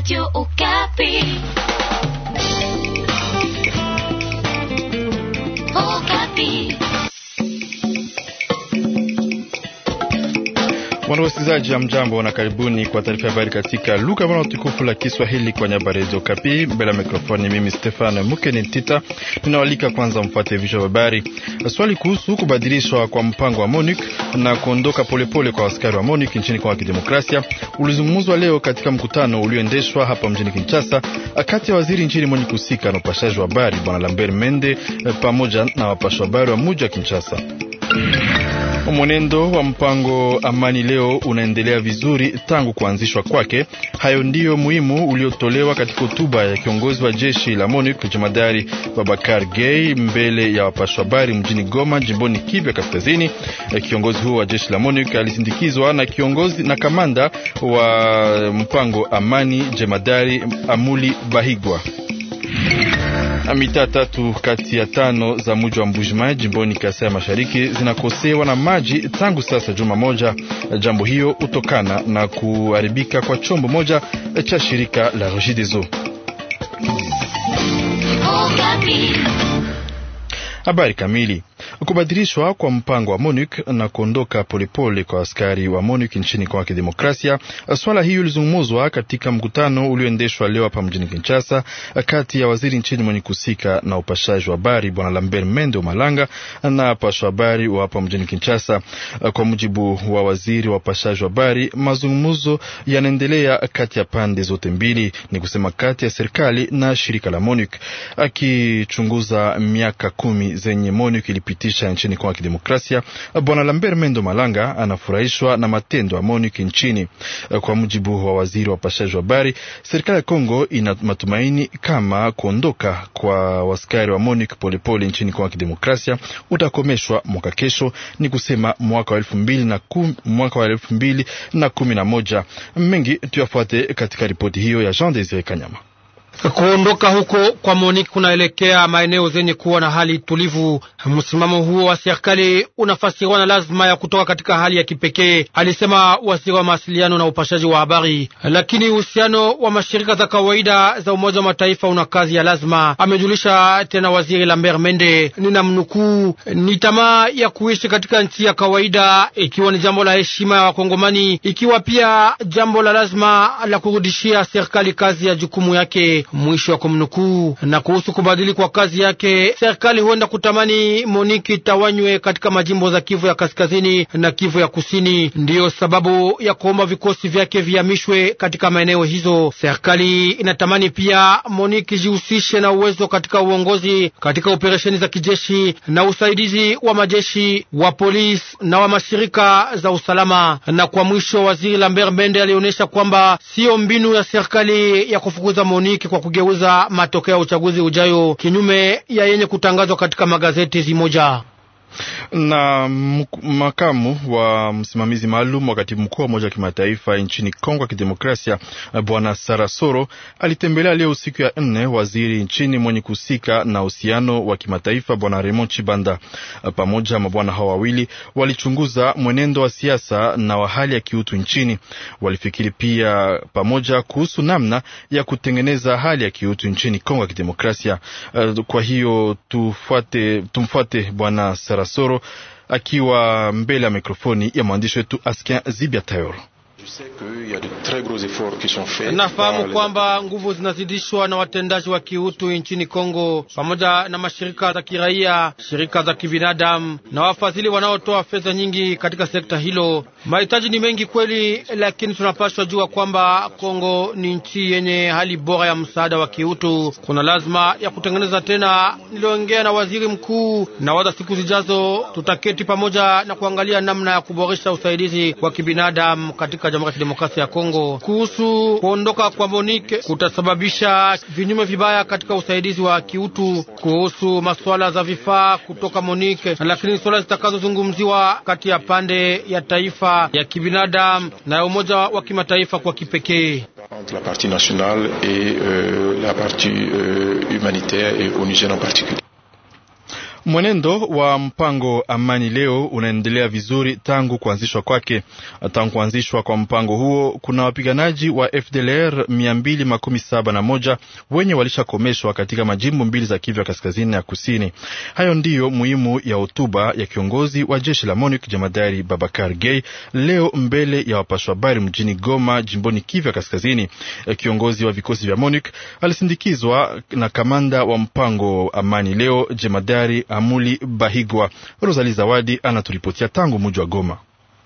Radio Okapi. Wasikilizaji, mjambo na karibuni kwa taarifa ya habari katika lugha bwana tukufu la Kiswahili kwa nyamba Radio Kapi. Mbele ya mikrofoni mimi Stefan Mukeni Tita, ninawalika kwanza mfuate vichwa vya habari. Swali kuhusu kubadilishwa kwa mpango wa MONUC na kuondoka polepole kwa askari wa MONUC nchini Kongo ya Kidemokrasia ulizungumzwa leo katika mkutano ulioendeshwa hapa mjini Kinshasa kati ya waziri nchini mwenye kuhusika na upashaji wa habari bwana Lambert Mende eh, pamoja na wapasha habari wa muji wa Kinshasa. Mwenendo wa mpango amani leo unaendelea vizuri tangu kuanzishwa kwake. Hayo ndiyo muhimu uliotolewa katika hotuba ya kiongozi wa jeshi la MONUC jemadari Babakar Gay mbele ya wapashwa habari mjini Goma, jimboni Kivu ya Kaskazini. Kiongozi huo wa jeshi la MONUC alisindikizwa na kiongozi na kamanda wa mpango amani jemadari Amuli Bahigwa. Mitaa tatu kati ya tano za mji wa Mbujimayi jimboni Kasai ya Mashariki zinakosewa na maji tangu sasa juma moja. Jambo hiyo hutokana na kuharibika kwa chombo moja cha shirika la Regideso. Oh, Habari kamili Kubadilishwa kwa mpango wa MONUC na kuondoka polepole kwa askari wa MONUC nchini Kongo ya Kidemokrasia, swala hiyo ilizungumzwa katika mkutano ulioendeshwa leo hapa mjini Kinshasa kati ya waziri nchini mwenye kuhusika na upashaji wa habari Bwana Lambert Mende Malanga na pasha habari wa hapa mjini Kinshasa. Kwa mujibu wa waziri wa upashaji wa habari, mazungumzo yanaendelea kati ya pande zote mbili, ni kusema kati ya serikali na shirika la MONUC, akichunguza miaka kumi zenye MONUC ilipita kusikitisha nchini Kongo ya Kidemokrasia. Bwana Lambert Mendo Malanga anafurahishwa na matendo ya MONUC nchini. Kwa mujibu wa waziri wa pashaji wa habari, serikali ya Kongo ina matumaini kama kuondoka kwa waskari wa MONUC polepole nchini Kongo ya Kidemokrasia utakomeshwa mwaka kesho, ni kusema mwaka wa elfu mbili na kum, mwaka wa elfu mbili na kumi na moja. Mengi tuyafuate katika ripoti hiyo ya Jean Desire Kanyama. Kuondoka huko kwa MONUC kunaelekea maeneo zenye kuwa na hali tulivu. Msimamo huo wa serikali unafasiriwa na lazima ya kutoka katika hali ya kipekee, alisema waziri wa mawasiliano na upashaji wa habari. Lakini uhusiano wa mashirika za kawaida za Umoja wa Mataifa una kazi ya lazima, amejulisha tena waziri Lambert Mende. mnukuu ni tamaa ya kuishi katika nchi ya kawaida, ikiwa ni jambo la heshima ya Wakongomani, ikiwa pia jambo la lazima la kurudishia serikali kazi ya jukumu yake mwisho wa kumnukuu. Na kuhusu kubadili kwa kazi yake, serikali huenda kutamani Moniki tawanywe katika majimbo za Kivu ya kaskazini na Kivu ya kusini, ndiyo sababu ya kuomba vikosi vyake vihamishwe katika maeneo hizo. Serikali inatamani pia Moniki jihusishe na uwezo katika uongozi katika operesheni za kijeshi na usaidizi wa majeshi wa polisi na wa mashirika za usalama. Na kwa mwisho, waziri Lambert Mende alionyesha kwamba siyo mbinu ya serikali ya kufukuza Moniki kwa kugeuza matokeo ya uchaguzi ujayo kinyume ya yenye kutangazwa katika magazeti zimoja. Na makamu wa msimamizi maalum wa katibu mkuu wa Umoja wa Kimataifa nchini Kongo ya Kidemokrasia, Bwana Sarasoro alitembelea leo siku ya nne waziri nchini mwenye kuhusika na uhusiano wa kimataifa Bwana Raymond Chibanda. Pamoja mabwana hao wawili walichunguza mwenendo wa siasa na wa hali ya kiutu nchini. Walifikiri pia pamoja kuhusu namna ya kutengeneza hali ya kiutu nchini Kongo ya Kidemokrasia. Eh, kwa hiyo tufuate, tumfuate Bwana Sarasoro. Rasoro akiwa mbele ya mikrofoni ya mwandishi wetu Askin Zibia Tayoro. Nafahamu kwamba nguvu zinazidishwa na watendaji wa kiutu nchini Kongo pamoja na mashirika za kiraia, shirika za kibinadamu na wafadhili wanaotoa fedha nyingi katika sekta hilo. Mahitaji ni mengi kweli, lakini tunapaswa jua kwamba Kongo ni nchi yenye hali bora ya msaada wa kiutu. Kuna lazima ya kutengeneza tena. Niliongea na waziri mkuu na waza, siku zijazo tutaketi pamoja na kuangalia namna ya kuboresha usaidizi wa kibinadamu katika katika Jamhuri ya Kidemokrasia ya Kongo kuhusu kuondoka kwa Monique kutasababisha vinyume vibaya katika usaidizi wa kiutu kuhusu masuala za vifaa kutoka Monique, lakini swala zitakazozungumziwa kati ya pande ya taifa ya kibinadamu na ya Umoja wa Kimataifa kwa kipekee entre la partie nationale et euh, la partie euh, humanitaire et onusienne en particulier. Mwenendo wa mpango amani leo unaendelea vizuri tangu kuanzishwa kwake. Tangu kuanzishwa kwa mpango huo, kuna wapiganaji wa FDLR 271 wenye walishakomeshwa katika majimbo mbili za Kivu ya kaskazini na kusini. Hayo ndiyo muhimu ya hotuba ya kiongozi wa jeshi la MONUC Jamadari Babakar Gay leo mbele ya wapashwa habari mjini Goma, jimboni Kivu ya kaskazini. Kiongozi wa vikosi vya MONUC alisindikizwa na kamanda wa mpango amani leo jemadari Amuli Bahigwa. rosali Zawadi anaturipotia tangu mji wa Goma.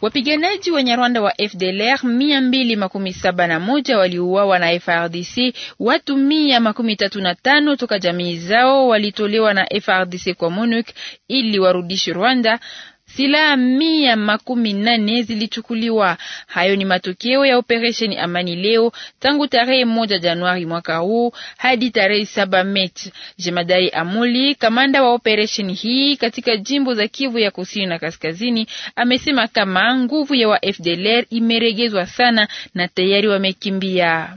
Wapiganaji wenye Rwanda wa FDLR mia mbili makumi saba na moja waliuawa na FRDC. Watu mia makumi tatu na tano toka jamii zao walitolewa na FRDC kwa MONUC ili warudishi Rwanda silaha mia makumi nane zilichukuliwa. Hayo ni matokeo ya operesheni Amani leo tangu tarehe moja Januari mwaka huu hadi tarehe saba Machi. Jemadari Amuli, kamanda wa operesheni hii katika jimbo za Kivu ya kusini na kaskazini, amesema kama nguvu ya wa FDLR imeregezwa sana na tayari wamekimbia.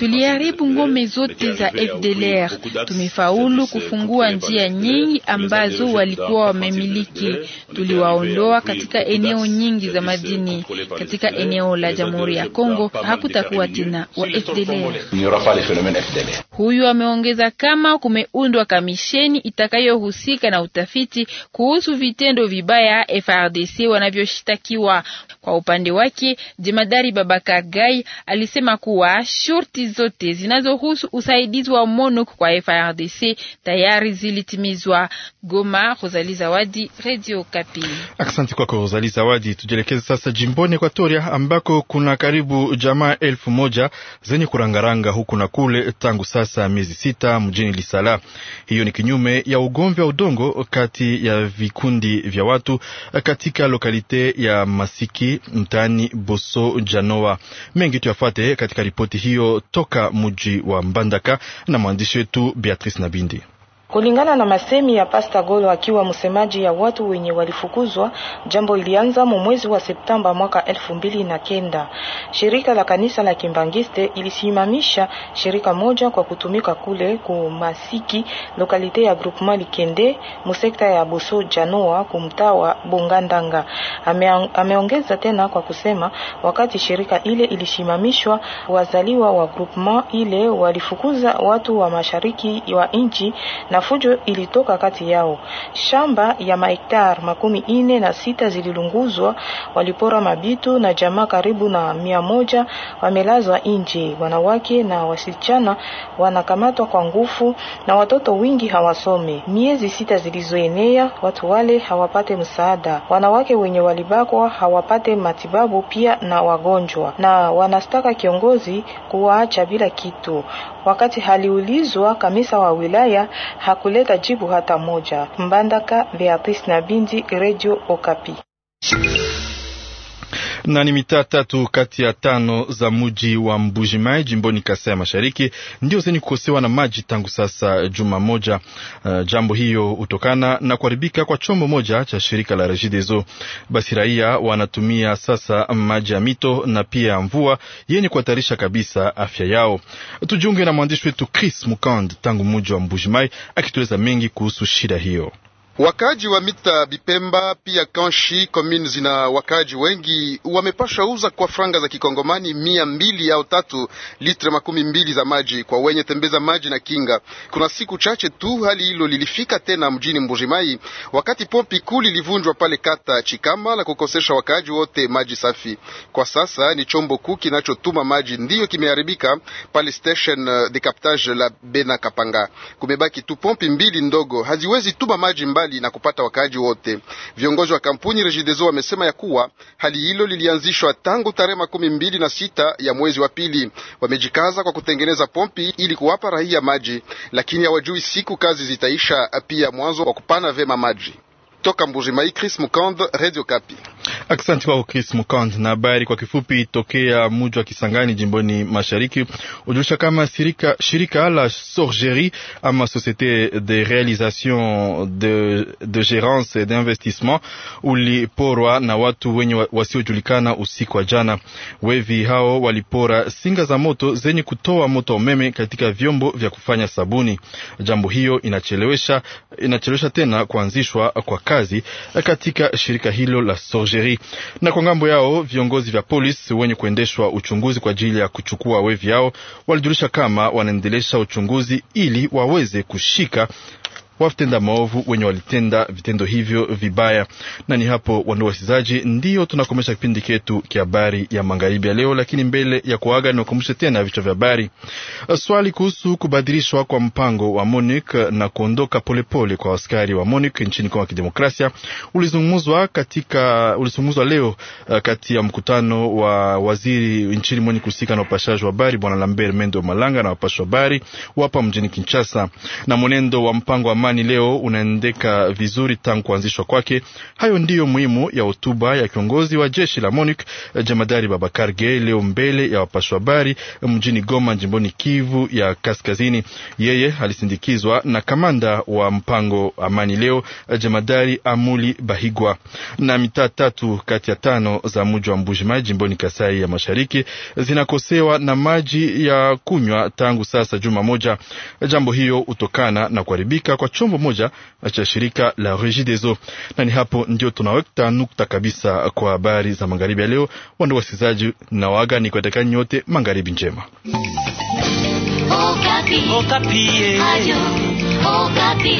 Tuliharibu ngome zote za FDLR, tumefaulu euh, kufungua njia nyingi ambazo walikuwa wamemiliki tuliwaondoa katika eneo nyingi za madini. Katika eneo la Jamhuri ya Kongo hakutakuwa tena wa FDLR. Huyu ameongeza kama kumeundwa kamisheni itakayohusika na utafiti kuhusu vitendo vibaya FRDC wanavyoshtakiwa. Kwa upande wake, jemadari Babakar Gai alisema kuwa shurti zote zinazohusu usaidizi wa MONUC kwa FRDC tayari zilitimizwa. Goma, Rosalie Zawadi, Radio Kapi. Asante kwako Zali Zawadi. Tujielekeze sasa jimboni Ekwatoria ambako kuna karibu jamaa elfu moja zenye kurangaranga huku na kule tangu sasa miezi sita mjini Lisala. Hiyo ni kinyume ya ugomvi wa udongo kati ya vikundi vya watu katika lokalite ya Masiki mtaani Boso Janoa. Mengi tuyafate katika ripoti hiyo toka mji wa Mbandaka na mwandishi wetu Beatrice Nabindi. Kulingana na masemi ya Pasta Golo akiwa msemaji ya watu wenye walifukuzwa, jambo ilianza mwezi wa Septemba mwaka elfu mbili na kenda. Shirika la kanisa la Kimbangiste ilisimamisha shirika moja kwa kutumika kule kumasiki lokalite ya Groupement Likende musekta ya Boso Janoa kumtawa Bongandanga. Ameongeza tena kwa kusema wakati shirika ile ilisimamishwa, wazaliwa wa groupement ile walifukuza watu wa mashariki wa nchi na fujo ilitoka kati yao. Shamba ya mahektari makumi ine na sita zililunguzwa, walipora mabitu na jamaa karibu na mia moja wamelazwa nje. Wanawake na wasichana wanakamatwa kwa nguvu na watoto wingi hawasome. Miezi sita zilizoenea, watu wale hawapate msaada. Wanawake wenye walibakwa hawapate matibabu pia na wagonjwa, na wanastaka kiongozi kuwaacha bila kitu. Wakati haliulizwa kamisa wa wilaya hakuleta jibu hata moja. Mbandaka, Beatrice na Bindi, Radio Okapi na ni mitaa tatu kati ya tano za muji wa Mbujimai jimboni Kasai ya Mashariki ndio zenye kukosewa na maji tangu sasa juma moja. Uh, jambo hiyo hutokana na kuharibika kwa chombo moja cha shirika la Regideso. Basi raia wanatumia sasa maji ya mito na pia ya mvua yenye kuhatarisha kabisa afya yao. Tujiunge na mwandishi wetu Chris Mukand tangu muji wa Mbujimai akitueleza mengi kuhusu shida hiyo. Wakaji wa mita Bipemba pia Kanshi komini zina wakaji wengi wamepasha uza kwa franga za kikongomani mia mbili au tatu litre makumi mbili za maji kwa wenye tembeza maji na kinga. Kuna siku chache tu hali hilo lilifika tena mjini Mbujimai wakati pompi kuu lilivunjwa pale kata Chikama la kukosesha wakaji wote maji safi. Kwa sasa ni chombo kuu kinachotuma maji ndiyo kimeharibika pale station de uh, captage la Bena Kapanga. Kumebaki tu pompi mbili ndogo haziwezi tuma maji mbali mbalimbali na kupata wakaaji wote. Viongozi wa kampuni Regideso wamesema ya kuwa hali hilo lilianzishwa tangu tarehe makumi mbili na sita ya mwezi wa pili. Wamejikaza kwa kutengeneza pompi ili kuwapa raia maji, lakini hawajui siku kazi zitaisha, pia mwanzo wa kupana vema maji. Toka Mbujimayi, Chris Mukand, Radio Kapi. Asante kwako Chris Mukand na habari kwa kifupi tokea muji wa Kisangani jimboni mashariki. Ujulisha kama shirika, shirika la Sorgerie ama Societe de Realisation de, de Gerance d'Investissement uliporwa na watu wenye wasiojulikana usiku wa jana. Wevi hao walipora singa za moto zenye kutoa moto wa umeme katika vyombo vya kufanya sabuni. Jambo hiyo inachelewesha, inachelewesha tena kuanzishwa kwa kazi katika shirika hilo la Sorgerie. Algeria. Na kwa ngambo yao viongozi vya polisi wenye kuendeshwa uchunguzi kwa ajili ya kuchukua wevi yao walijulisha kama wanaendelesha uchunguzi ili waweze kushika watenda maovu wenye walitenda vitendo hivyo vibaya. Na ni hapo wandu wasikizaji, ndio tunakomesha kipindi chetu kia habari ya magharibi ya leo, lakini mbele ya kuaga ni niwakumbushe tena vichwa vya habari. Swali kuhusu kubadilishwa kwa mpango wa MONUC na kuondoka polepole kwa askari wa MONUC nchini Kongo ya Kidemokrasia ulizungumzwa katika ulizungumzwa leo eh, kati ya mkutano wa waziri nchini mwenye kuhusika na upashaji wa habari Bwana Lambert Mendo Malanga na wapasha habari wapa mjini Kinshasa na mwenendo wa mpango wa amani leo unaendeka vizuri tangu kuanzishwa kwake. Hayo ndiyo muhimu ya hotuba ya kiongozi wa jeshi la MONUC Jamadari Babakar Gaye leo mbele ya wapashwa habari mjini Goma, jimboni Kivu ya Kaskazini. Yeye alisindikizwa na kamanda wa mpango amani leo Jamadari Amuli Bahigwa. Na mitaa tatu kati ya tano za mji wa Mbujimai jimboni Kasai ya Mashariki zinakosewa na maji ya kunywa tangu sasa juma moja. Jambo hiyo hutokana na kuharibika kwa chombo moja cha shirika la Regideso. Na ni hapo ndio tunaweka nukta kabisa kwa habari za magharibi ya leo. Wandugu wasikilizaji, na waga ni kuatakani nyote magharibi njema. Okapi. Okapi. Eh. Ayo. Okapi.